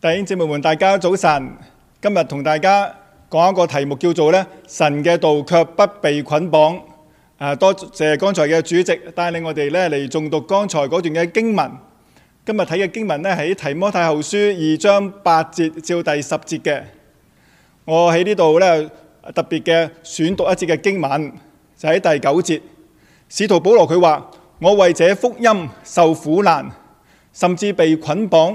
弟兄姊妹們，大家早晨。今日同大家講一個題目，叫做咧神嘅道卻不被捆綁。多謝剛才嘅主席帶領我哋咧嚟誦讀剛才嗰段嘅經文。今日睇嘅經文咧係《提摩太後書》二章八節至第十節嘅。我喺呢度咧特別嘅選讀一節嘅經文，就喺第九節。使徒保羅佢話：我為這福音受苦難，甚至被捆綁。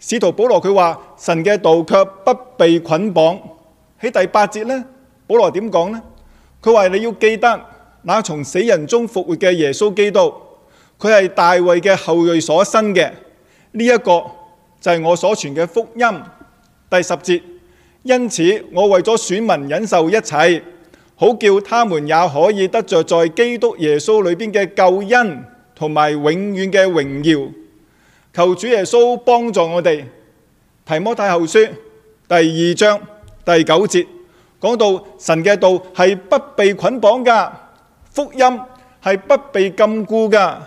使徒保羅佢話神嘅道卻不被捆綁。喺第八節呢，保羅點講呢？佢話你要記得，那從死人中復活嘅耶穌基督，佢係大衛嘅後裔所生嘅。呢、這、一個就係我所傳嘅福音。第十節，因此我為咗選民忍受一切，好叫他們也可以得着在基督耶穌裏邊嘅救恩同埋永遠嘅榮耀。求主耶穌幫助我哋。提摩太後書第二章第九節講到神嘅道係不被捆綁噶，福音係不被禁錮噶。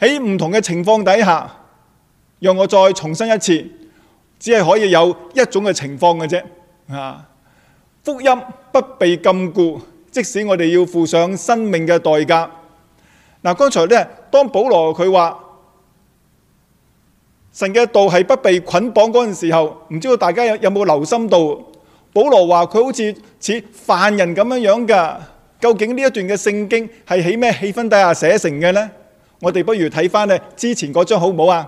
喺唔同嘅情況底下，讓我再重申一次，只係可以有一種嘅情況嘅啫。福音不被禁錮，即使我哋要付上生命嘅代價。嗱，剛才咧，當保羅佢話。神嘅道係不被捆綁嗰陣時候，唔知道大家有有冇留心到？保羅話佢好似似犯人咁樣樣噶。究竟呢一段嘅聖經係喺咩氣氛底下寫成嘅呢？我哋不如睇翻呢之前嗰章好唔好啊？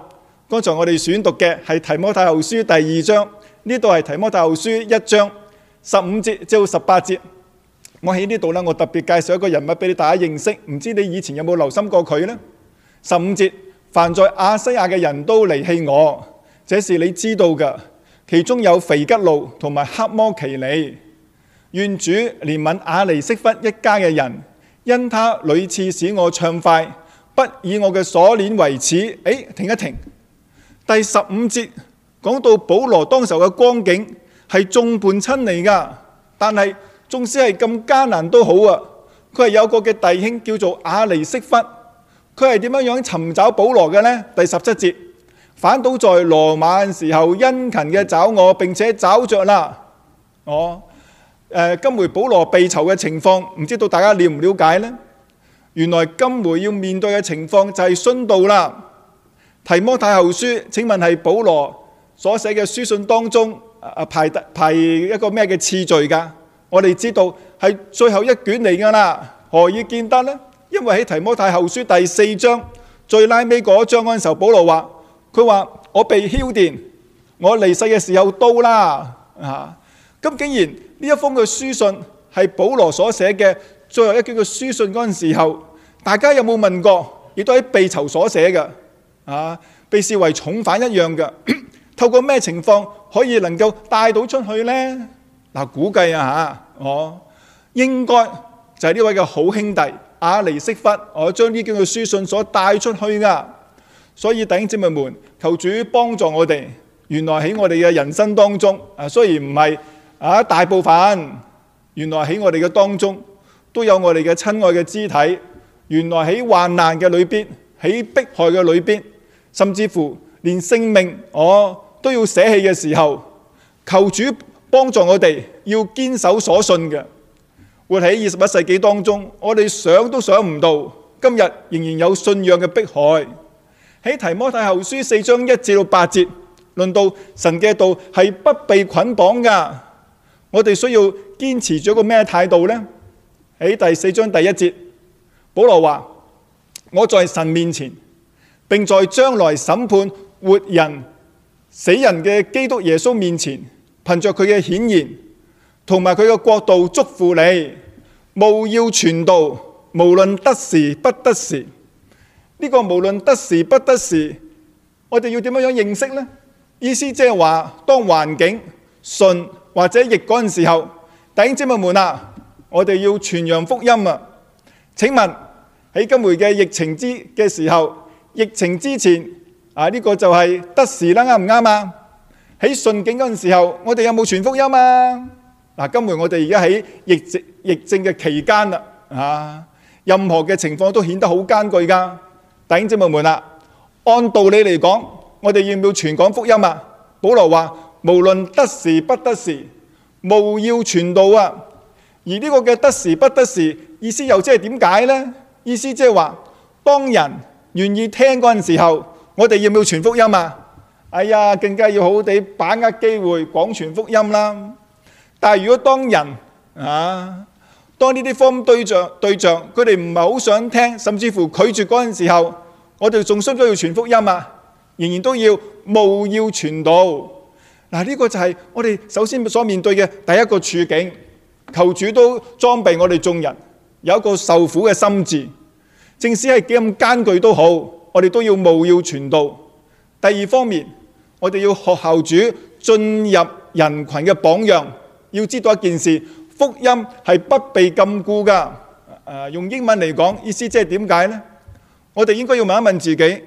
剛才我哋選讀嘅係提摩太後書第二章，呢度係提摩太後書一章十五節至到十八節。我喺呢度呢，我特別介紹一個人物俾你大家認識，唔知你以前有冇留心過佢呢？十五節。凡在亞西亞嘅人都離棄我，這是你知道嘅。其中有腓吉路同埋黑摩其尼，願主憐憫阿尼色弗一家嘅人，因他屢次使我暢快，不以我嘅鎖鏈為恥。誒，停一停，第十五節講到保羅當時候嘅光景係眾叛親離噶，但係縱使係咁艱難都好啊，佢係有個嘅弟兄叫做阿尼色弗。佢係點樣樣尋找保羅嘅呢？第十七節，反倒在羅馬時候殷勤嘅找我，並且找着啦。哦、呃，今回保羅被囚嘅情況，唔知道大家了唔了解呢？原來今回要面對嘅情況就係殉道啦。提摩太後書，請問係保羅所寫嘅書信當中，啊、排排一個咩嘅次序噶？我哋知道係最後一卷嚟噶啦，何以見得呢？因為喺提摩太後書第四章最拉尾嗰章嗰陣時候，保羅話，佢話我被澆奠，我離世嘅時候到啦啊！咁竟然呢一封嘅書信係保羅所寫嘅最後一篇嘅書信嗰陣時候，大家有冇問過？亦都喺被囚所寫嘅啊，被視為重犯一樣嘅。透過咩情況可以能夠帶到出去呢？嗱，估計啊吓，哦，應該就係呢位嘅好兄弟。阿尼色弗，我將呢幾嘅書信所帶出去嘅。所以弟兄姐妹們，求主幫助我哋。原來喺我哋嘅人生當中，啊雖然唔係啊大部分，原來喺我哋嘅當中，都有我哋嘅親愛嘅肢體。原來喺患難嘅裏邊，喺迫害嘅裏邊，甚至乎連性命我都要捨棄嘅時候，求主幫助我哋要堅守所信嘅。活喺二十一世紀當中，我哋想都想唔到，今日仍然有信仰嘅迫害。喺提摩太後書四章一至到八節，論到神嘅道係不被捆綁噶。我哋需要堅持咗個咩態度呢？喺第四章第一節，保羅話：我在神面前，並在將來審判活人死人嘅基督耶穌面前，憑着佢嘅顯現。同埋佢嘅國度祝福你，務要傳道，無論得時不得時。呢個無論得時不得時，我哋要點樣認識呢？意思即係話，當環境順或者逆嗰陣時候，弟兄姊妹們啊，我哋要傳揚福音啊。請問喺今回嘅疫情之嘅時候，疫情之前啊，呢個就係得時啦，啱唔啱啊？喺順境嗰陣時候，我哋有冇傳福音啊？嗱，今回我哋而家喺疫疫症嘅期間啦，啊，任何嘅情況都顯得好艱巨噶。弟兄姊妹們啦，按道理嚟講，我哋要唔要傳講福音啊？保羅話：無論得時不得時，務要傳道啊。而呢個嘅得時不得時，意思又即係點解呢？意思即係話，當人願意聽嗰陣時候，我哋要唔要傳福音啊？哎呀，更加要好好地把握機會，廣傳福音啦、啊。但係，如果當人啊，當呢啲方對象對象，佢哋唔係好想聽，甚至乎拒絕嗰陣時候，我哋仲需唔需要傳福音啊？仍然都要務要傳道嗱。呢個就係我哋首先所面對嘅第一個處境。求主都裝備我哋眾人有一個受苦嘅心志，即使係幾咁艱巨都好，我哋都要務要傳道。第二方面，我哋要學效主進入人群嘅榜樣。要知道一件事，福音係不被禁錮㗎。誒，用英文嚟講，意思即係點解呢？我哋應該要問一問自己，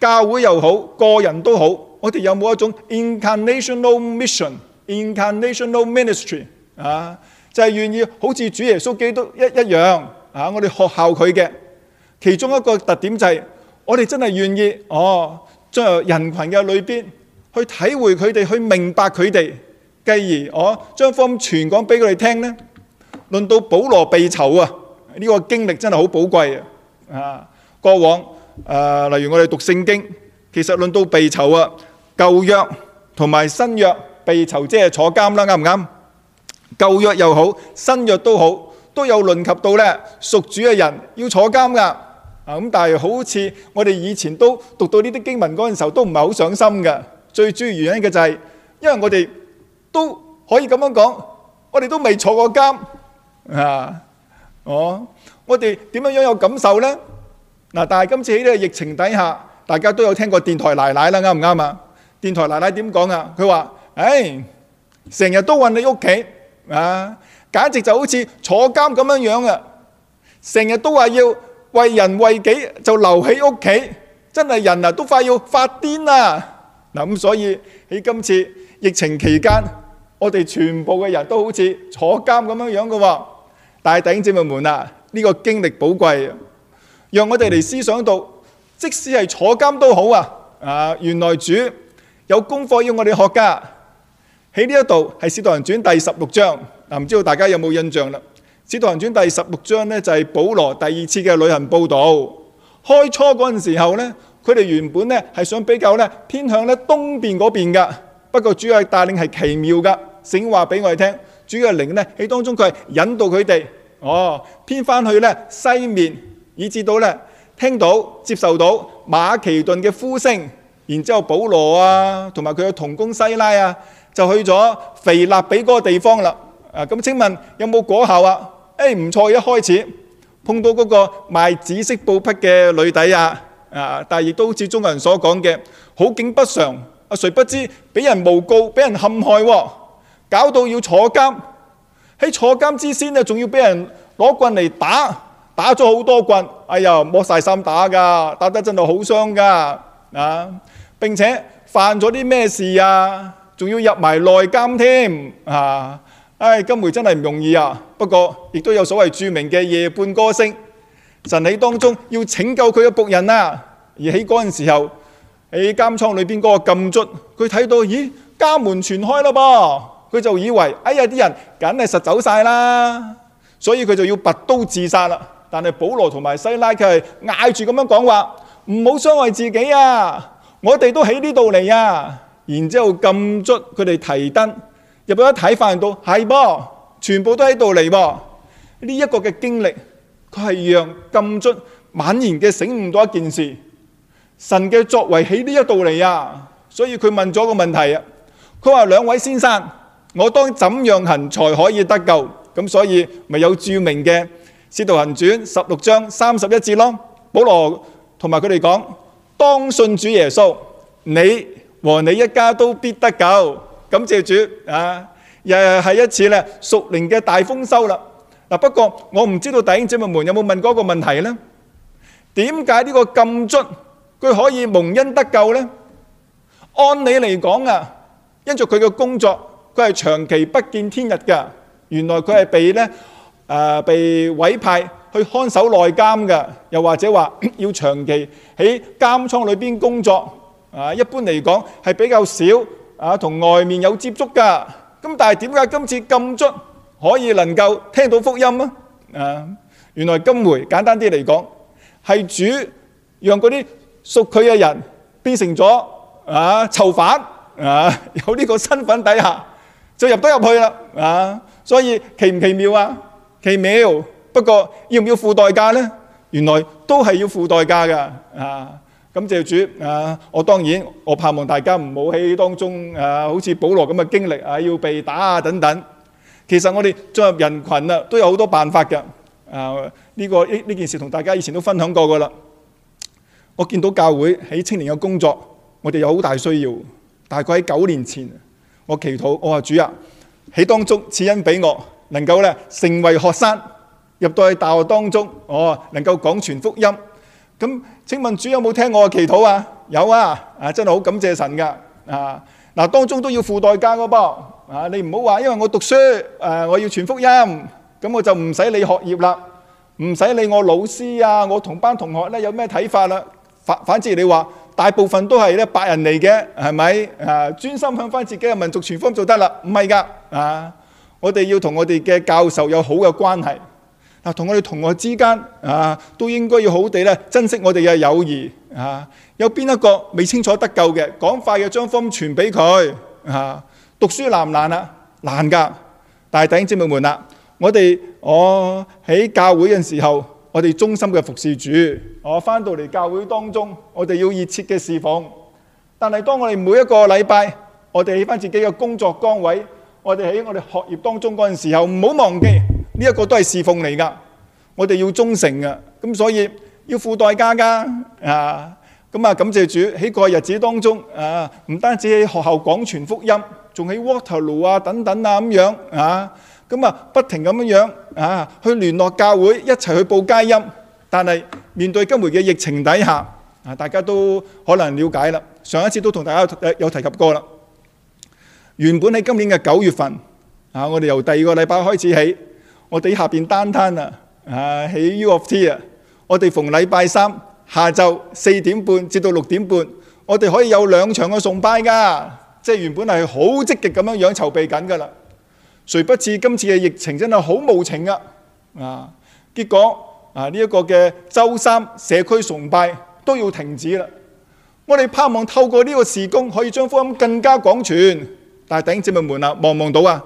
教會又好，個人都好，我哋有冇一種 incarnational mission、incarnational ministry 啊？就係願意好似主耶穌基督一一樣啊！我哋學效佢嘅其中一個特點就係，我哋真係願意哦，進入人群嘅裏邊去體會佢哋，去明白佢哋。繼而，我將福音傳講俾佢哋聽呢。論到保羅被囚、這個、啊，呢個經歷真係好寶貴啊！過往，誒、啊，例如我哋讀聖經，其實論到被囚啊，舊約同埋新約被囚，即係坐監啦，啱唔啱？舊約又好，新約都好，都有論及到呢，屬主嘅人要坐監噶。咁但係好似我哋以前都讀到呢啲經文嗰陣時候，都唔係好上心嘅。最主要原因嘅就係、是、因為我哋。都可以咁樣講，我哋都未坐過監啊！我我哋點樣樣有感受咧？嗱，但係今次喺呢個疫情底下，大家都有聽過電台奶奶啦，啱唔啱啊？電台奶奶點講啊？佢話：唉，成日都韞喺屋企啊，簡直就好似坐監咁樣樣啊！成日都話要為人為己就留喺屋企，真係人啊都快要發癲啦！嗱咁，所以喺今次。疫情期間，我哋全部嘅人都好似坐監咁樣樣嘅喎。但弟兄姐妹們啊，呢個經歷寶貴，讓我哋嚟思想到，即使係坐監都好啊。啊，原來主有功課要我哋學家，喺呢一度係《使徒行傳》第十六章。嗱，唔知道大家有冇印象啦？《使徒行傳》第十六章呢，就係保羅第二次嘅旅行報導。開初嗰陣時候呢，佢哋原本呢係想比較呢，偏向咧東邊嗰邊嘅。不過主要嘅帶領係奇妙噶，醒話俾我哋聽。主要嘅靈咧喺當中，佢係引導佢哋哦，偏翻去咧西面，以至到咧聽到、接受到馬其頓嘅呼聲，然之後保羅啊，同埋佢嘅同工西拉啊，就去咗腓立比嗰個地方啦。啊，咁請問有冇果效啊？誒，唔錯，一開始碰到嗰個賣紫色布匹嘅女仔啊，啊，但係亦都好似中國人所講嘅，好景不常。啊！誰不知俾人誣告，俾人陷害，搞到要坐監。喺坐監之先咧，仲要俾人攞棍嚟打，打咗好多棍。哎呀，摸晒心打噶，打得真係好傷噶啊！並且犯咗啲咩事啊？仲要入埋內監添啊！唉，今回真係唔容易啊！不過亦都有所謂著名嘅夜半歌聲，神起當中要拯救佢嘅僕人啦。而喺嗰陣時候，喺監倉裏邊嗰個禁卒，佢睇到咦家門全開咯噃，佢就以為哎呀，啲人梗係實走晒，啦，所以佢就要拔刀自殺啦。但係保羅同埋西拉佢係嗌住咁樣講話，唔好傷害自己啊！我哋都喺呢度嚟啊！然之後禁卒佢哋提燈入去一睇發現到係噃，全部都喺度嚟噃。呢一個嘅經歷，佢係讓禁卒猛然嘅醒悟到一件事。神嘅作為喺呢一度嚟啊，所以佢問咗個問題啊。佢話：兩位先生，我當怎樣行才可以得救？咁所以咪有著名嘅《使徒行傳》十六章三十一節咯。保羅同埋佢哋講：當信主耶穌，你和你一家都必得救。感謝主啊！又係一次咧，屬靈嘅大豐收啦。嗱，不過我唔知道弟兄姊妹們有冇問過個問題咧？點解呢個禁卒，佢可以蒙恩得救呢？按理嚟講啊，因着佢嘅工作，佢係長期不見天日嘅。原來佢係被呢誒被委派去看守內監嘅，又或者話要長期喺監倉裏邊工作啊。一般嚟講係比較少啊，同外面有接觸噶。咁但係點解今次禁卒可以能夠聽到福音呢？啊，原來今回簡單啲嚟講係主讓嗰啲。屬佢嘅人變成咗啊，囚犯啊，有呢個身份底下就入得入去啦啊！所以奇唔奇妙啊？奇妙，不過要唔要付代價呢？原來都係要付代價噶啊！咁謝主啊！我當然我盼望大家唔好喺當中啊，好似保羅咁嘅經歷啊，要被打啊等等。其實我哋進入人群啊，都有好多辦法嘅啊！呢個呢呢件事同大家以前都分享過噶啦。我見到教會喺青年嘅工作，我哋有好大需要。大概喺九年前，我祈禱，我話主啊，喺當中賜恩俾我，能夠咧成為學生，入到去大學當中，我能夠講全福音。咁請問主有冇聽我嘅祈禱啊？有啊，啊真係好感謝神㗎。啊嗱，當中都要付代價㗎噃。啊你唔好話，因為我讀書，誒、啊、我要全福音，咁我就唔使理學業啦，唔使理我老師啊，我同班同學咧有咩睇法啦、啊。反反之你說，你話大部分都係咧白人嚟嘅，係咪啊？專心向翻自己嘅民族傳福音就得啦，唔係噶啊！我哋要同我哋嘅教授有好嘅關係，同、啊、我哋同學之間啊，都應該要好地咧珍惜我哋嘅友誼啊！有邊一個未清楚得救嘅，趕快嘅將福音傳俾佢啊！讀書難唔難啊？難噶，但係弟兄姊妹們啦，我哋我喺教會嘅時候。我哋忠心嘅服侍主，我翻到嚟教會當中，我哋要熱切嘅侍奉。但係當我哋每一個禮拜，我哋起翻自己嘅工作崗位，我哋喺我哋學業當中嗰陣時候，唔好忘記呢一、這個都係侍奉嚟噶。我哋要忠誠嘅，咁所以要付代價噶啊！咁啊，感謝主喺個日子當中啊，唔單止喺學校廣傳福音，仲喺 Waterloo 啊等等啊咁樣啊。咁啊，不停咁樣樣啊，去聯絡教會一齊去報佳音。但係面對今回嘅疫情底下，啊，大家都可能了解啦。上一次都同大家有提及過啦。原本喺今年嘅九月份啊，我哋由第二個禮拜開始起，我哋下邊單攤啊，啊喺 U of T 啊，我哋逢禮拜三下晝四點半至到六點半，我哋可以有兩場嘅崇拜㗎。即係原本係好積極咁樣樣籌備緊㗎啦。誰不知今次嘅疫情真係好無情啊！啊，結果啊呢一個嘅周三社區崇拜都要停止啦。我哋盼望透過呢個事工可以將福音更加廣傳，但係弟兄姊妹們啊，望望到啊，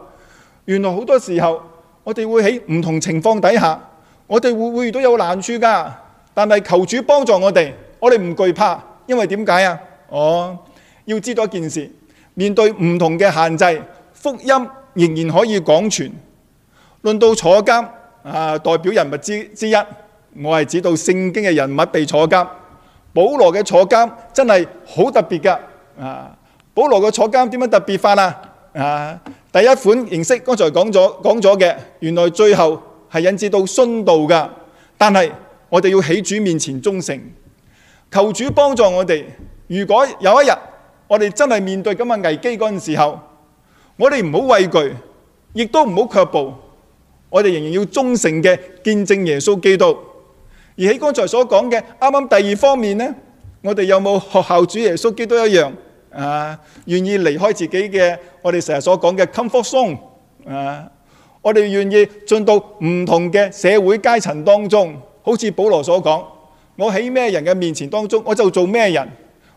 原來好多時候我哋會喺唔同情況底下，我哋會會遇到有難處噶。但係求主幫助我哋，我哋唔懼怕，因為點解啊？哦，要知道一件事，面對唔同嘅限制，福音，仍然可以廣傳。論到坐監，啊，代表人物之之一，我係指到聖經嘅人物被坐監。保羅嘅坐監真係好特別噶，啊，保羅嘅坐監點樣特別法啊？啊，第一款形式剛，剛才講咗講咗嘅，原來最後係引致到殉道噶。但係我哋要喺主面前忠誠，求主幫助我哋。如果有一日我哋真係面對咁嘅危機嗰陣時候，我哋唔好畏懼，亦都唔好卻步。我哋仍然要忠誠嘅見證耶穌基督。而喺剛才所講嘅啱啱第二方面呢，我哋有冇學效主耶穌基督一樣啊？願意離開自己嘅，我哋成日所講嘅 comfort zone 啊？我哋願意進到唔同嘅社會階層當中，好似保羅所講，我喺咩人嘅面前當中，我就做咩人，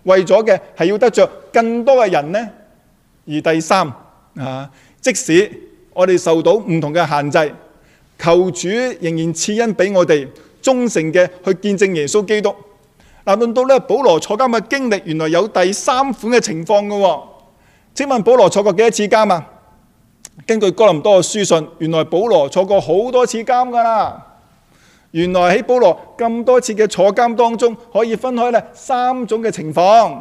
為咗嘅係要得着更多嘅人呢。而第三。啊！即使我哋受到唔同嘅限制，求主仍然賜恩俾我哋忠誠嘅去見證耶穌基督。嗱、啊，論到咧保羅坐監嘅經歷，原來有第三款嘅情況嘅、哦。請問保羅坐過幾多次監啊？根據哥林多嘅書信，原來保羅坐過好多次監噶啦。原來喺保羅咁多次嘅坐監當中，可以分開咧三種嘅情況。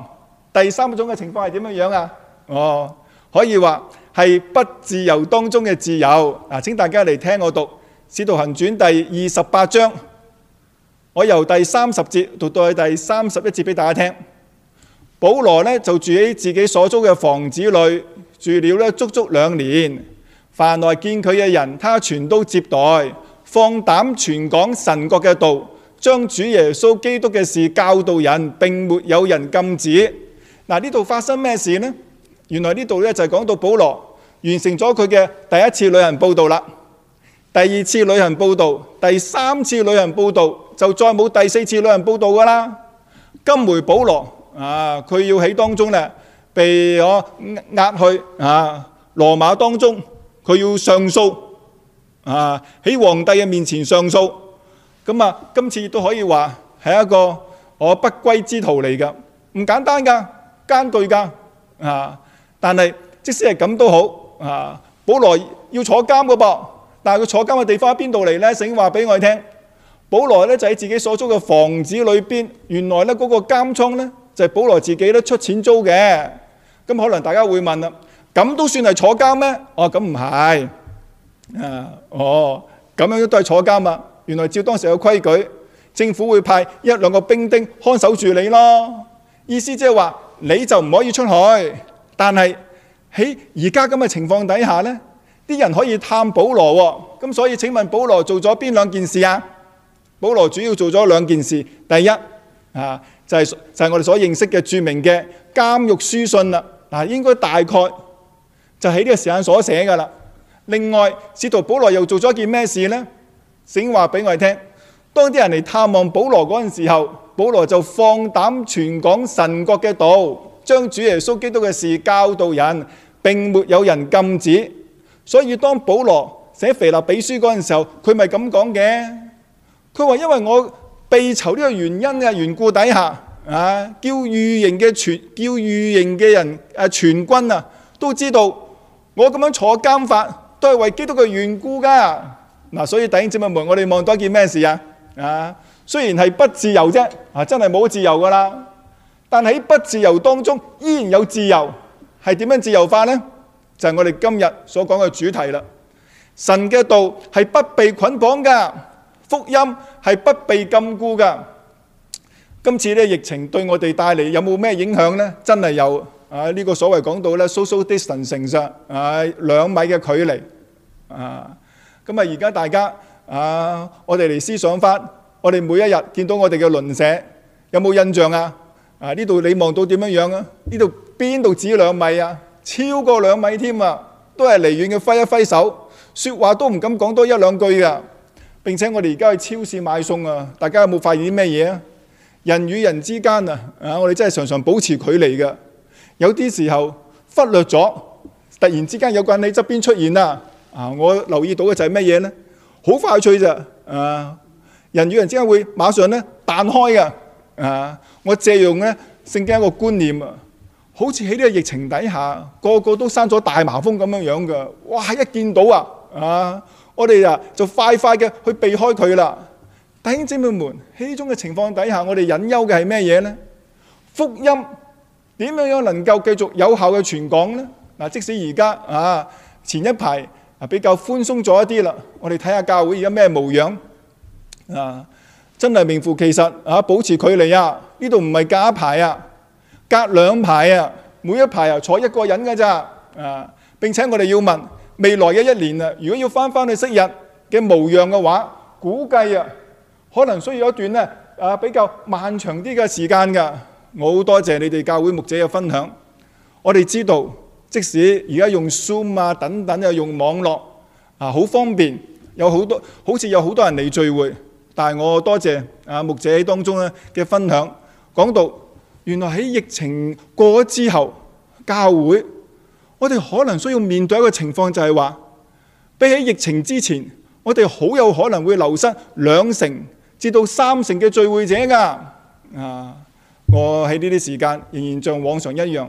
第三種嘅情況係點樣樣啊？哦，可以話。係不自由當中嘅自由啊！請大家嚟聽我讀《使徒行傳》第二十八章，我由第三十節讀到去第三十一節俾大家聽。保羅呢就住喺自己所租嘅房子裏，住了足足兩年。凡來見佢嘅人，他全都接待，放膽傳講神國嘅道，將主耶穌基督嘅事教導人。並沒有人禁止。嗱，呢度發生咩事呢？原來呢度呢就係講到保羅完成咗佢嘅第一次旅行佈道啦，第二次旅行佈道，第三次旅行佈道就再冇第四次旅行佈道噶啦。今回保羅啊，佢要喺當中呢被我押去啊羅馬當中，佢要上訴啊喺皇帝嘅面前上訴。咁啊，今次都可以話係一個我不歸之徒嚟噶，唔簡單噶，艱巨噶啊！但係，即使係咁都好啊。保羅要坐監個噃，但係佢坐監嘅地方喺邊度嚟呢？醒話俾我哋聽，保羅呢就喺自己所租嘅房子裏邊。原來那監倉呢，嗰個監倉咧就係、係、保羅自己咧出錢租嘅。咁、嗯、可能大家會問啦，咁都算係坐監咩？哦、啊，咁唔係啊，哦，咁樣都係坐監啊。原來照當時嘅規矩，政府會派一兩個兵丁看守住你咯。意思即係話你就唔可以出去。但係喺而家咁嘅情況底下呢，啲人可以探保羅喎，咁所以請問保羅做咗邊兩件事啊？保羅主要做咗兩件事，第一啊就係就係我哋所認識嘅著名嘅監獄書信啦，嗱應該大概就喺呢個時間所寫噶啦。另外，使徒保羅又做咗件咩事呢？醒話俾我哋聽，當啲人嚟探望保羅嗰陣時候，保羅就放膽傳講神國嘅道，將主耶穌基督嘅事教導人，並沒有人禁止，所以當保羅寫腓立比書嗰陣時候，佢咪咁講嘅？佢話因為我被囚呢個原因嘅緣故底下啊，叫御營嘅全叫御營嘅人誒、啊、全軍啊都知道我咁樣坐監法都係為基督嘅緣故噶嗱，所以弟兄姊妹們，我哋望多一件咩事啊？啊，雖然係不自由啫，啊，真係冇自由噶啦。但喺不自由當中，依然有自由，係點樣自由化呢？就係我哋今日所講嘅主題啦。神嘅道係不被捆綁噶，福音係不被禁錮噶。今次呢疫情對我哋帶嚟有冇咩影響呢？真係有啊！呢個所謂講到呢，social distancing 成上啊兩米嘅距離啊。咁啊，而家大家啊，我哋嚟思想返，我哋每一日見到我哋嘅鄰舍，有冇印象啊？啊！呢度你望到點樣樣啊？呢度邊度只兩米啊？超過兩米添啊！都係離遠嘅揮一揮手，說話都唔敢講多一兩句㗎。並且我哋而家去超市買餸啊！大家有冇發現啲咩嘢啊？人與人之間啊，啊！我哋真係常常保持距離㗎。有啲時候忽略咗，突然之間有個人喺側邊出現啦！啊，我留意到嘅就係咩嘢呢？好快脆咋，啊！人與人之間會馬上咧彈開㗎啊！我借用咧聖經一個觀念啊，好似喺呢個疫情底下，個個都生咗大麻風咁樣樣㗎，哇！一見到啊，啊，我哋啊就快快嘅去避開佢啦。弟兄姊妹們，喺呢種嘅情況底下，我哋隱憂嘅係咩嘢呢？福音點樣樣能夠繼續有效嘅傳講呢？嗱，啊，即使而家啊前一排啊比較寬鬆咗一啲啦，我哋睇下教會而家咩模樣啊？真係名副其實啊！保持距離啊，呢度唔係隔一排啊，隔兩排啊，每一排又坐一個人㗎咋啊！並且我哋要問未來嘅一年啊，如果要翻返去昔日嘅模樣嘅話，估計啊，可能需要一段呢啊比較漫長啲嘅時間噶。我好多謝你哋教會牧者嘅分享。我哋知道，即使而家用 Zoom 啊等等啊用網絡啊好方便，有好多好多好似有好多人嚟聚會。但係我多謝啊木姐喺當中咧嘅分享，講到原來喺疫情過咗之後，教會我哋可能需要面對一個情況，就係話比起疫情之前，我哋好有可能會流失兩成至到三成嘅聚會者㗎。啊，我喺呢啲時間仍然像往常一樣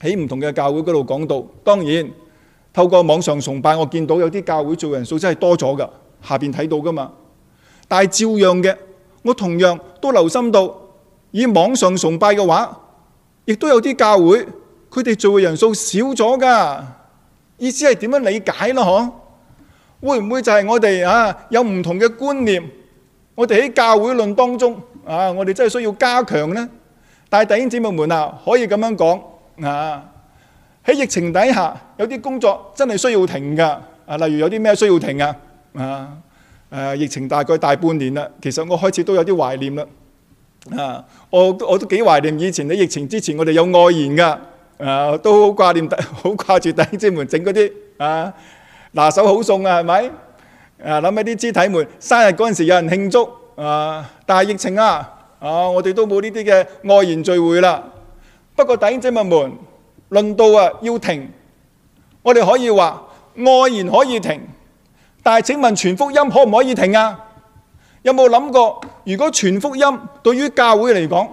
喺唔同嘅教會嗰度講道。當然透過網上崇拜，我見到有啲教會聚會人數真係多咗㗎，下邊睇到㗎嘛。但係照樣嘅，我同樣都留心到，以網上崇拜嘅話，亦都有啲教會佢哋聚會人數少咗㗎，意思係點樣理解咯？嗬？會唔會就係我哋啊有唔同嘅觀念？我哋喺教會論當中啊，我哋真係需要加強呢？但係弟兄姊妹們啊，可以咁樣講啊，喺疫情底下有啲工作真係需要停㗎啊，例如有啲咩需要停啊啊？誒疫情大概大半年啦，其實我開始都有啲懷念啦。啊，我我都幾懷念以前喺疫情之前，我哋有外延㗎，啊都好掛念，好掛住弟兄姊妹整嗰啲啊拿手好餸啊，係咪？啊諗起啲肢體們生日嗰陣時有人慶祝啊，但係疫情啊，啊我哋都冇呢啲嘅外延聚會啦。不過弟兄姊妹們，論到啊要停，我哋可以話外延可以停。但係，請問全福音可唔可以停啊？有冇諗過？如果全福音對於教會嚟講，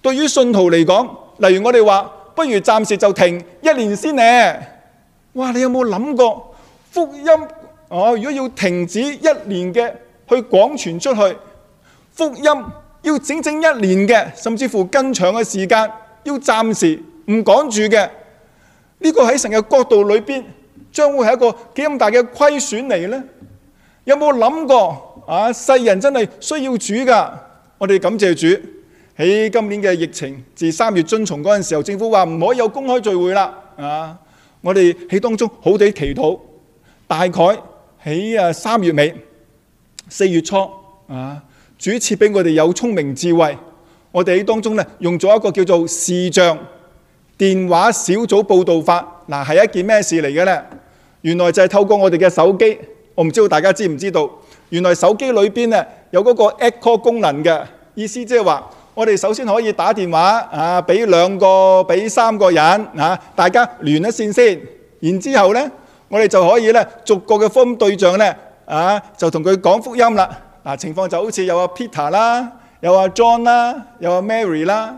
對於信徒嚟講，例如我哋話，不如暫時就停一年先呢哇！你有冇諗過福音？哦，如果要停止一年嘅去廣傳出去，福音要整整一年嘅，甚至乎更長嘅時間，要暫時唔講住嘅，呢個喺神嘅角度裏邊。將會係一個幾咁大嘅虧損嚟呢？有冇諗過啊？世人真係需要主噶，我哋感謝主喺今年嘅疫情，自三月遵從嗰陣時候，政府話唔可以有公開聚會啦啊！我哋喺當中好地祈禱，大概喺啊三月尾、四月初啊，主賜俾我哋有聰明智慧，我哋喺當中咧用咗一個叫做視像電話小組報道法，嗱係一件咩事嚟嘅呢？原來就係透過我哋嘅手機，我唔知道大家知唔知道？原來手機裏邊咧有嗰個 echo 功能嘅，意思即係話我哋首先可以打電話啊，俾兩個、俾三個人啊，大家聯一線先，然之後咧我哋就可以咧逐個嘅福音對象咧啊，就同佢講福音啦。嗱，情況就好似有阿 Peter 啦，有阿 John 啦，有阿 Mary 啦。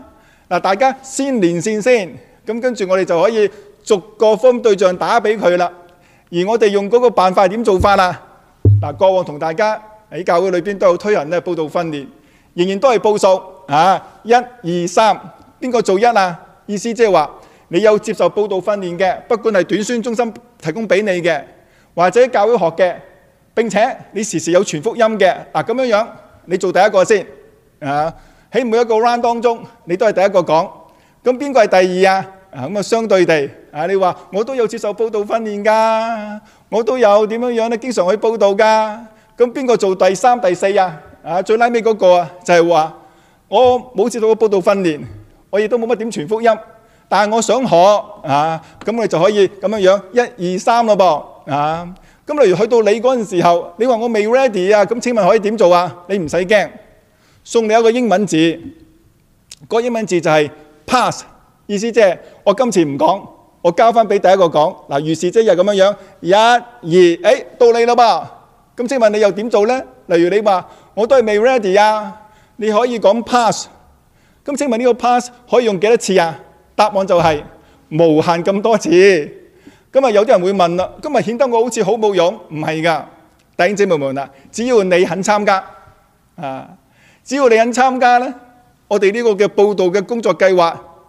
嗱，大家先連線先，咁跟住我哋就可以逐個福音對象打俾佢啦。而我哋用嗰個辦法點做翻啊？嗱，過往同大家喺教會裏邊都有推行咧報道訓練，仍然都係報數啊，一、二、三，邊個做一啊？意思即係話你有接受報道訓練嘅，不管係短宣中心提供俾你嘅，或者教會學嘅，並且你時時有傳福音嘅嗱，咁樣樣你做第一個先啊，喺每一個 round 當中你都係第一個講，咁邊個係第二啊？咁啊，相對地，啊，你話我都有接受佈道訓練噶，我都有點樣樣咧，經常去佈道噶。咁邊個做第三、第四啊？啊，最拉尾嗰個啊，就係話我冇接受過佈道訓練，我亦都冇乜點傳福音，但係我想學啊。咁我就可以咁樣樣，一二三啦噃啊。咁例如去到你嗰陣時候，你話我未 ready 啊，咁請問可以點做啊？你唔使驚，送你一個英文字，個英文字就係 pass。意思即係我今次唔講，我交翻俾第一個講。嗱，於是即係咁樣樣，一、二，誒，到你啦噃。咁請問你又點做咧？例如你話我都係未 ready 啊，你可以講 pass。咁請問呢個 pass 可以用幾多次啊？答案就係無限咁多次。咁啊，有啲人會問啦，咁啊顯得我好似好冇用？唔係噶，弟兄姊妹們啊，只要你肯參加啊，只要你肯參加咧，我哋呢個嘅報道嘅工作計劃。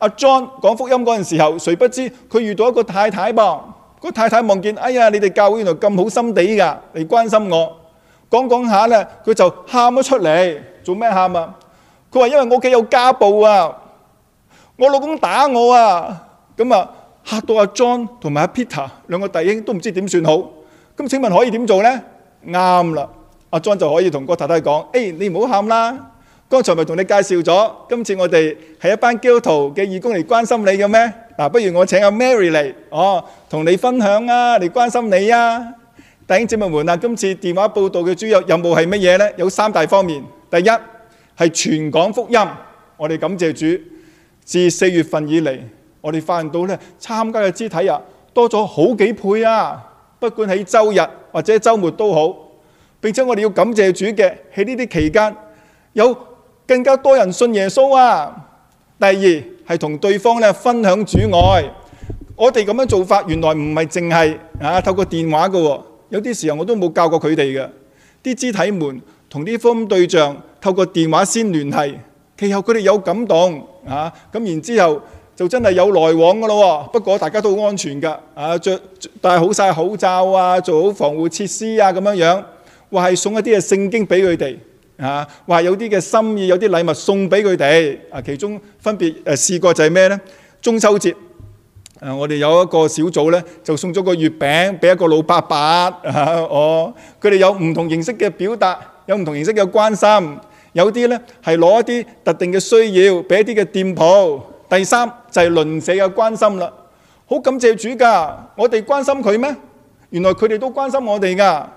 阿 John 講福音嗰陣時候，誰不知佢遇到一個太太噃，個太太望見，哎呀，你哋教會原來咁好心地㗎，你關心我，講講下咧，佢就喊咗出嚟，做咩喊啊？佢話因為我屋企有家暴啊，我老公打我啊，咁啊嚇到阿 John 同埋阿 Peter 兩個弟兄都唔知點算好。咁請問可以點做咧？啱啦，阿 John 就可以同個太太講：誒，你唔好喊啦。剛才咪同你介紹咗，今次我哋係一班基督徒嘅義工嚟關心你嘅咩？嗱，不如我請阿 Mary 嚟，哦，同你分享啊，嚟關心你啊！弟兄姊妹們啊，今次電話報道嘅主要任務係乜嘢呢？有三大方面。第一係全港福音，我哋感謝主。自四月份以嚟，我哋發現到咧參加嘅肢體啊多咗好幾倍啊！不管喺週日或者週末都好。並且我哋要感謝主嘅喺呢啲期間有更加多人信耶穌啊！第二係同對方咧分享主愛。我哋咁樣做法原來唔係淨係啊透過電話嘅喎，有啲時候我都冇教過佢哋嘅啲肢體們同啲方向對象透過電話先聯繫，其後佢哋有感動啊，咁然之後就真係有來往嘅咯。不過大家都好安全嘅啊，著戴好曬口罩啊，做好防護設施啊，咁樣樣或係送一啲嘅聖經俾佢哋。啊，話有啲嘅心意，有啲禮物送俾佢哋。啊，其中分別誒試過就係咩呢？中秋節，誒我哋有一個小組呢，就送咗個月餅俾一個老伯伯。啊，哦，佢哋有唔同形式嘅表達，有唔同形式嘅關心。有啲呢係攞一啲特定嘅需要，俾一啲嘅店鋪。第三就係鄰舍嘅關心啦。好感謝主噶，我哋關心佢咩？原來佢哋都關心我哋噶。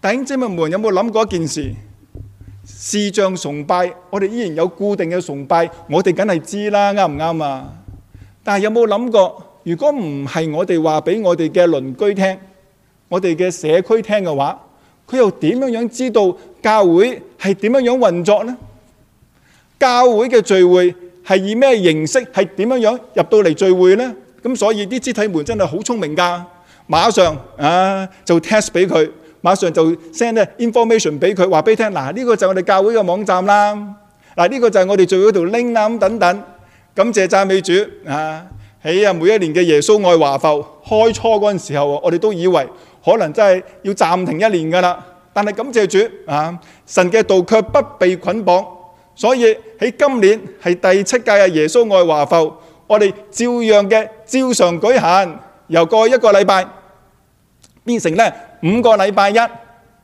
弟兄姊妹們有冇諗過一件事？視像崇拜，我哋依然有固定嘅崇拜，我哋梗係知啦，啱唔啱啊？但係有冇諗過，如果唔係我哋話俾我哋嘅鄰居聽，我哋嘅社區聽嘅話，佢又點樣樣知道教會係點樣樣運作呢？教會嘅聚會係以咩形式？係點樣樣入到嚟聚會呢？咁所以啲肢體們真係好聰明㗎，馬上啊就 test 俾佢。馬上就 send 咧 information 俾佢，話俾聽嗱，呢個就我哋教會嘅網站啦，嗱呢個就我哋做嗰條 link 啦，咁等等。感謝讚美主啊！喺啊每一年嘅耶穌愛華埠開初嗰陣時候，我哋都以為可能真係要暫停一年噶啦，但係感謝主啊，神嘅道卻不被捆綁，所以喺今年係第七屆嘅耶穌愛華埠，我哋照樣嘅照常舉行。由過去過一個禮拜，變成咧。五個禮拜一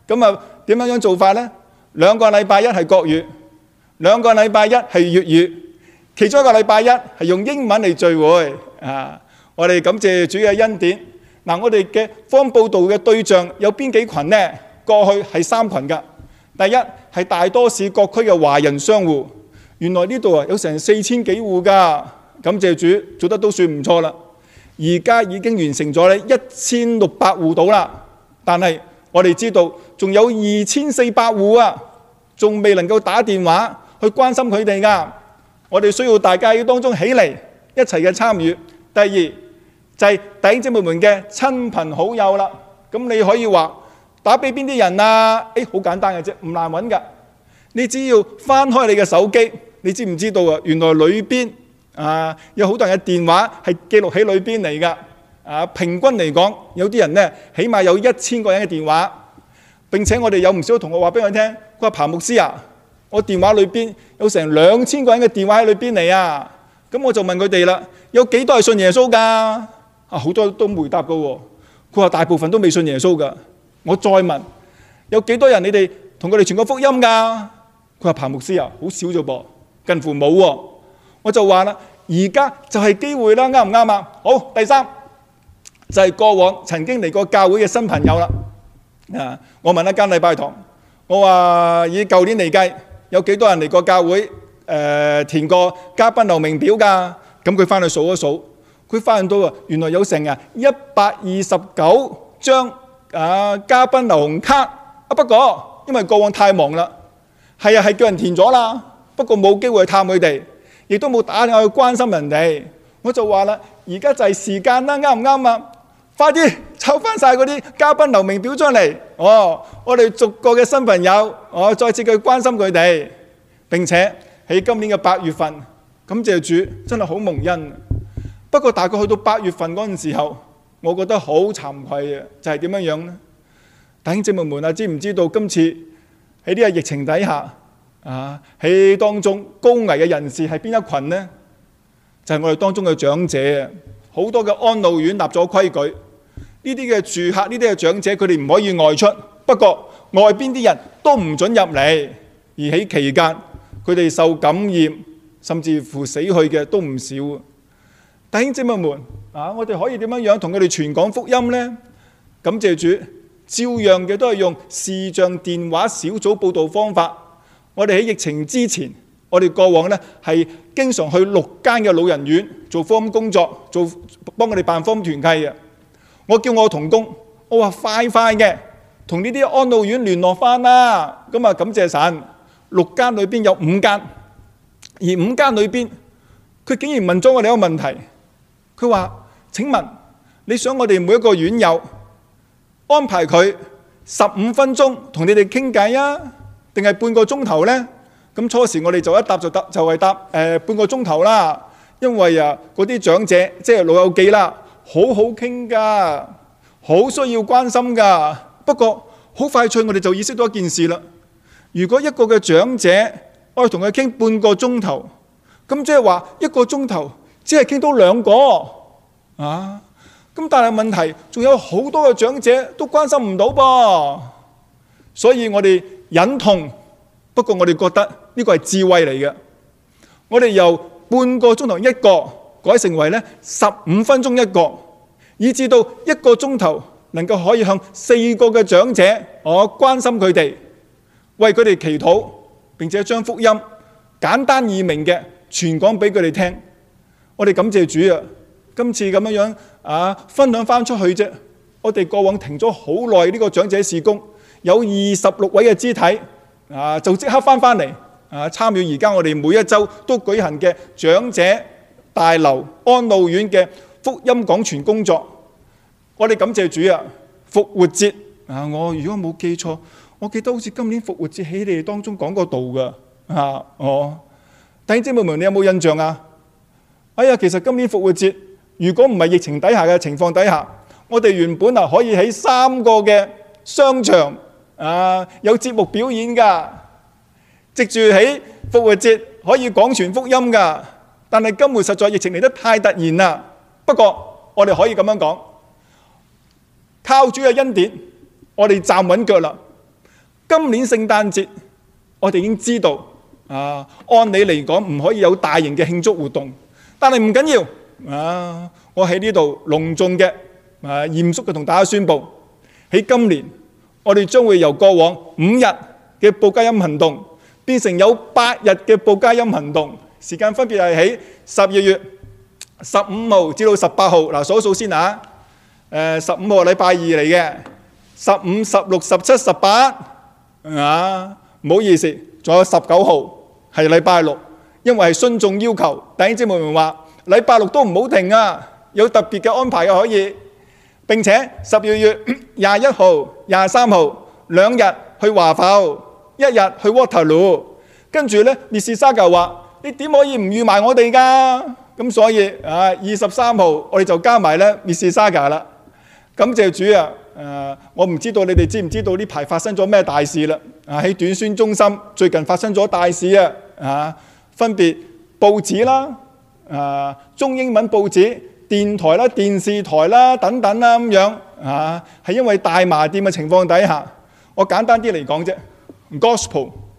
咁啊，點樣樣做法呢？兩個禮拜一係國語，兩個禮拜一係粵語，其中一個禮拜一係用英文嚟聚會啊！我哋感謝主嘅恩典嗱。我哋嘅方布道嘅對象有邊幾群呢？過去係三群噶，第一係大多市各區嘅華人商戶。原來呢度啊有成四千幾戶噶，感謝主做得都算唔錯啦。而家已經完成咗呢一千六百戶到啦。但係我哋知道，仲有二千四百戶啊，仲未能夠打電話去關心佢哋噶。我哋需要大家要當中起嚟一齊嘅參與。第二就係弟兄姊妹們嘅親朋好友啦。咁你可以話打俾邊啲人啊？誒、欸，好簡單嘅啫，唔難揾噶。你只要翻開你嘅手機，你知唔知道啊？原來裏邊啊有好多人嘅電話係記錄喺裏邊嚟噶。啊，平均嚟講，有啲人咧起碼有一千個人嘅電話。並且我哋有唔少同學話俾我聽，佢話彭牧師啊，我電話裏邊有成兩千個人嘅電話喺裏邊嚟啊。咁我就問佢哋啦，有幾多係信耶穌㗎？啊，好多都回答嘅喎。佢話大部分都未信耶穌㗎。我再問，有幾多人你哋同佢哋傳過福音㗎？佢話彭牧師啊，好少啫噃，近乎冇喎、啊。我就話啦，而家就係機會啦，啱唔啱啊？好，第三。就係過往曾經嚟過教會嘅新朋友啦。啊，我問一間禮拜堂，我話以舊年嚟計，有幾多人嚟過教會？誒，填過嘉賓留名表㗎。咁佢翻去數一數，佢翻到嚟話，原來有成啊一百二十九張啊嘉賓留名卡。啊不過，因為過往太忙啦，係啊係叫人填咗啦，不過冇機會探佢哋，亦都冇打電話去關心人哋。我就話啦，而家就係時間啦，啱唔啱啊？快啲抽翻晒嗰啲嘉賓留名表出嚟，哦，我哋逐個嘅新朋友，我、哦、再次去關心佢哋。並且喺今年嘅八月份，感謝主真係好蒙恩。不過大概去到八月份嗰陣時候，我覺得好慚愧啊！就係點樣樣呢？弟兄姊妹們啊，知唔知道今次喺呢個疫情底下啊，喺當中高危嘅人士係邊一群呢？就係、是、我哋當中嘅長者啊，好多嘅安老院立咗規矩。呢啲嘅住客，呢啲嘅長者，佢哋唔可以外出。不過外邊啲人都唔准入嚟，而喺期間佢哋受感染，甚至乎死去嘅都唔少。弟兄姐妹們啊，我哋可以點樣樣同佢哋傳講福音呢？感謝主，照樣嘅都係用視像電話小組報導方法。我哋喺疫情之前，我哋過往呢，係經常去六間嘅老人院做福音工作，做幫佢哋辦福音團契嘅。我叫我同工，我話快快嘅，同呢啲安老院聯絡翻啦。咁啊感謝神，六間裏邊有五間，而五間裏邊，佢竟然問咗我哋一個問題。佢話：「請問你想我哋每一個院友安排佢十五分鐘同你哋傾偈啊，定係半個鐘頭呢？」咁初時我哋就一答就答，就係答誒、呃、半個鐘頭啦。因為啊，嗰啲長者即係老友記啦。好好傾㗎，好需要關心㗎。不過好快脆，我哋就意識到一件事啦。如果一個嘅長者，我同佢傾半個鐘頭，咁即係話一個鐘頭只係傾到兩個啊。咁但係問題，仲有好多嘅長者都關心唔到噃。所以我哋忍痛，不過我哋覺得呢個係智慧嚟嘅。我哋由半個鐘頭一個。改成為咧十五分鐘一個，以至到一個鐘頭能夠可以向四個嘅長者，我關心佢哋，為佢哋祈禱，並且將福音簡單易明嘅傳講俾佢哋聽。我哋感謝主啊！今次咁樣樣啊，分享翻出去啫。我哋過往停咗好耐呢個長者事工，有二十六位嘅肢體啊，就即刻翻翻嚟啊，參與而家我哋每一週都舉行嘅長者。大樓安老院嘅福音廣傳工作，我哋感謝主啊！復活節啊，我如果冇記錯，我記得好似今年復活節喺你哋當中講過道噶啊哦！弟兄姊妹們，你有冇印象啊？哎呀，其實今年復活節如果唔係疫情底下嘅情況底下，我哋原本啊可以喺三個嘅商場啊有節目表演噶，藉住喺復活節可以廣傳福音噶。但係今回實在疫情嚟得太突然啦。不過我哋可以咁樣講，靠主嘅恩典，我哋站穩腳啦。今年聖誕節我哋已經知道，啊，按理嚟講唔可以有大型嘅慶祝活動。但係唔緊要，啊，我喺呢度隆重嘅啊嚴肅嘅同大家宣佈，喺今年我哋將會由過往五日嘅報佳音行動變成有八日嘅報佳音行動。時間分別係喺十二月十五號至到十八號嗱，數一數先啊。誒，十五號禮拜二嚟嘅，十五、十六、十七、十八啊，唔好意思，仲有十九號係禮拜六，因為係信眾要求。頂尖姊妹們話禮拜六都唔好停啊，有特別嘅安排嘅可以。並且十二月廿一號、廿三號兩日去華埠，一日去 Waterloo，跟住咧烈士沙教話。你點可以唔預埋我哋㗎？咁所以啊，二十三號我哋就加埋咧，Mississauga 啦。感謝主啊！誒、啊，我唔知道你哋知唔知道呢排發生咗咩大事啦？喺、啊、短宣中心最近發生咗大事啊！啊，分別報紙啦，誒、啊、中英文報紙、電台啦、電視台啦等等啦咁樣啊，係因為大麻店嘅情況底下，我簡單啲嚟講啫，Gospel。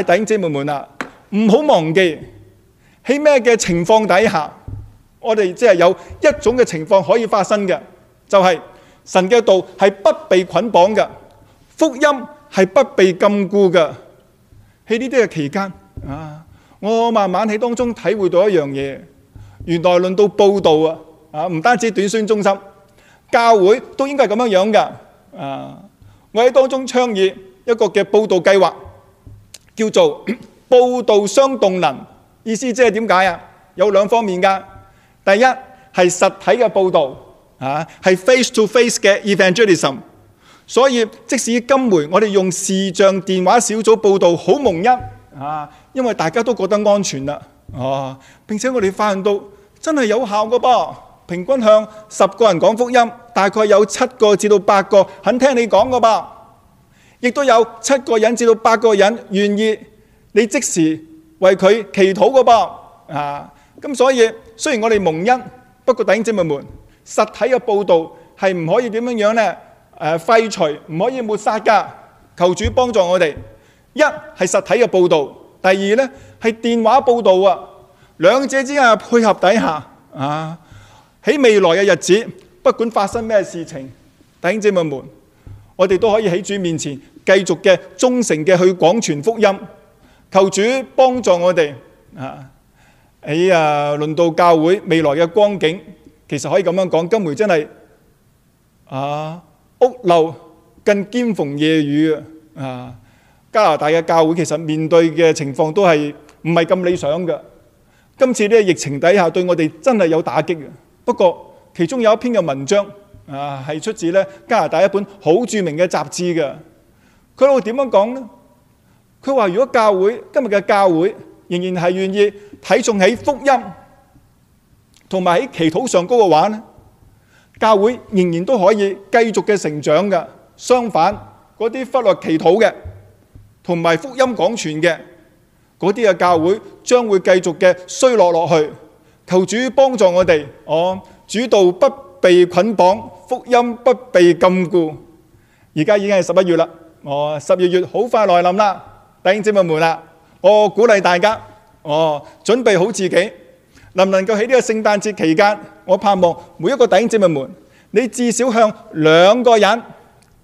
弟兄姐妹們啊，唔好忘記喺咩嘅情況底下，我哋即係有一種嘅情況可以發生嘅，就係、是、神嘅道係不被捆綁嘅，福音係不被禁錮嘅。喺呢啲嘅期間啊，我慢慢喺當中體會到一樣嘢，原來論到報道啊，啊唔單止短宣中心教會都應該係咁樣樣噶。啊，我喺當中倡議一個嘅報道計劃。叫做報道相動能，意思即係點解啊？有兩方面噶，第一係實體嘅報道，啊係 face to face 嘅 evangelism。所以即使今回我哋用視像電話小組報道，好蒙恩啊，因為大家都覺得安全啦。哦、啊，並且我哋發現到真係有效噶噃，平均向十個人講福音，大概有七個至到八個肯聽你講噶噃。亦都有七個人至到八個人願意，你即時為佢祈禱嘅噃啊！咁所以雖然我哋蒙恩，不過弟兄姊妹們實體嘅報道係唔可以點樣樣咧？誒、呃、廢除唔可以抹殺㗎。求主幫助我哋，一係實體嘅報道，第二咧係電話報道啊，兩者之間嘅配合底下啊，喺未來嘅日子，不管發生咩事情，弟兄姊妹們。我哋都可以喺主面前繼續嘅忠誠嘅去廣傳福音，求主幫助我哋啊！喺啊輪到教會未來嘅光景，其實可以咁樣講，今回真係啊屋漏更兼逢夜雨啊！加拿大嘅教會其實面對嘅情況都係唔係咁理想㗎。今次呢個疫情底下對我哋真係有打擊嘅。不過其中有一篇嘅文章。啊，係出自咧加拿大一本好著名嘅雜誌嘅。佢會點樣講呢？佢話如果教會今日嘅教會仍然係願意睇重喺福音，同埋喺祈禱上高嘅話呢，教會仍然都可以繼續嘅成長嘅。相反，嗰啲忽略祈禱嘅，同埋福音廣傳嘅，嗰啲嘅教會將會繼續嘅衰落落去。求主幫助我哋，我主道不。被綑綁，福音不被禁錮。而家已經係十一月啦。哦，十二月好快來臨啦，弟兄姊妹們啦，我鼓勵大家，哦，準備好自己，能唔能夠喺呢個聖誕節期間，我盼望每一個弟兄姊妹們，你至少向兩個人，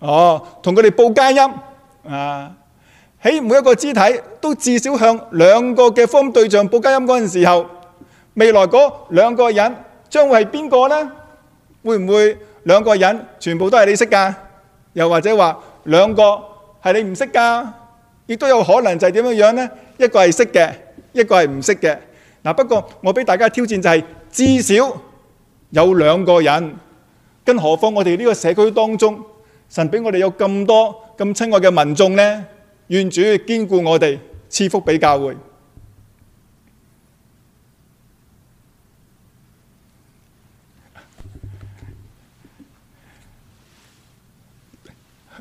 哦，同佢哋報佳音啊，喺每一個肢體都至少向兩個嘅福音對象報佳音嗰陣時候，未來嗰兩個人將會係邊個呢？會唔會兩個人全部都係你識噶？又或者話兩個係你唔識噶？亦都有可能就係點樣樣呢？一個係識嘅，一個係唔識嘅。嗱，不過我俾大家嘅挑戰就係、是、至少有兩個人，更何況我哋呢個社區當中，神俾我哋有咁多咁親愛嘅民眾呢？願主堅固我哋，賜福俾教會。